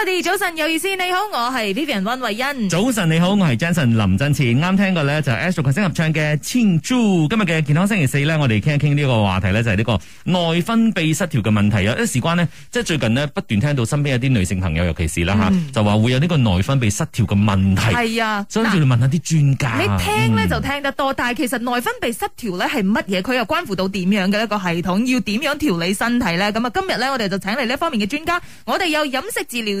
我哋早晨有意思，你好，我係 Vivian 溫慧欣。早晨你好，我係 Jason 林振前。啱聽過咧，就 Astro 群星合唱嘅《千珠》。今日嘅健康星期四咧，我哋傾一傾呢個話題咧，就係呢個內分泌失調嘅問題啊！因為事關咧，即係最近咧不斷聽到身邊有啲女性朋友，尤其是啦吓，就話會有呢個內分泌失調嘅問題。係啊，所以你問下啲專家。你聽咧就聽得多，但係其實內分泌失調咧係乜嘢？佢又關乎到點樣嘅一個系統？要點樣調理身體咧？咁啊，今日咧我哋就請嚟呢方面嘅專家。我哋有飲食治療。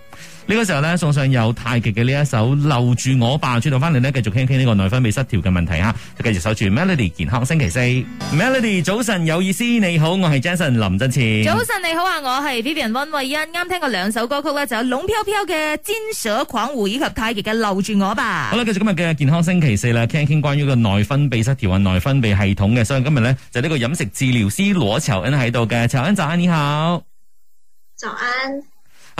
呢、這個時候咧，送上有太極嘅呢一首留住我吧，轉到翻嚟呢，繼續傾一傾呢個內分泌失調嘅問題啊！繼續守住 Melody 健康星期四，Melody 早晨有意思，你好，我係 Jason 林振前。早晨你好啊，我係 Vivian 温慧欣。啱聽過兩首歌曲咧，就有龍飄飄嘅《煎鎖狂狐》以及太極嘅《留住我吧》。好啦，繼續今日嘅健康星期四啦，傾一傾關於個內分泌失調同內分泌系統嘅。所以今日呢，就呢個飲食治療師羅喬恩喺度嘅，喬恩早安，你好。早安。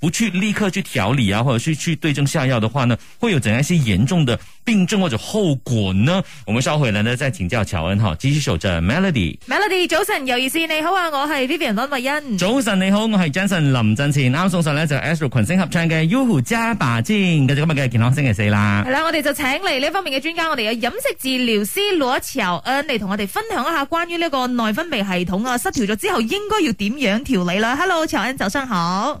不去立刻去調理啊，或者去去對症下藥的話呢，會有怎樣一些嚴重的病症或者後果呢？我們稍後呢再請教喬恩繼續守着 Melody。Melody 早晨，有意思你好啊，我係 Vivian 溫慧欣。早晨你好，我係 Jason 林振前，前。啱送上呢，就 Astro 群星合唱嘅 You h o Jabba 先，跟住今日嘅健康星期四啦。係啦，我哋就請嚟呢方面嘅專家，我哋有飲食治療師羅喬恩嚟同我哋分享一下關於呢個內分泌系統啊失調咗之後應該要點樣調理啦。Hello 喬恩早上好。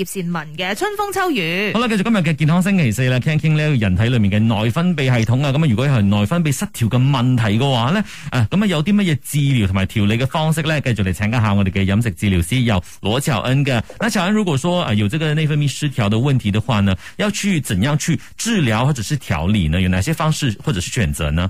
葉倩文嘅春風秋雨。好啦，繼續今日嘅健康星期四啦，傾一傾呢一個人體裏面嘅內分泌系統啊。咁啊，如果係內分泌失調嘅問題嘅話呢，啊，咁啊有啲乜嘢治療同埋調理嘅方式呢？繼續嚟請教一下我哋嘅飲食治療師由羅兆恩嘅。那兆恩，如果說啊有這個內分泌失調的問題的話呢，要去怎樣去治療或者是調理呢？有哪些方式或者是選擇呢？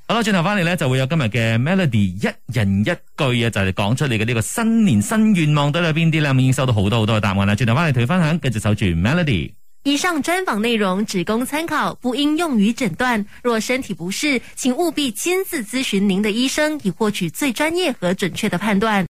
好啦，轉頭翻嚟咧，就會有今日嘅 Melody 一人一句啊，就係講出你嘅呢個新年新願望都有邊啲咧？我們已經收到好多好多嘅答案啦。轉頭翻嚟同你分享，繼續守住 Melody。以上專訪內容只供參考，不應用於診斷。若身體不適，請務必親自諮詢您的醫生，以獲取最專業和準確的判斷。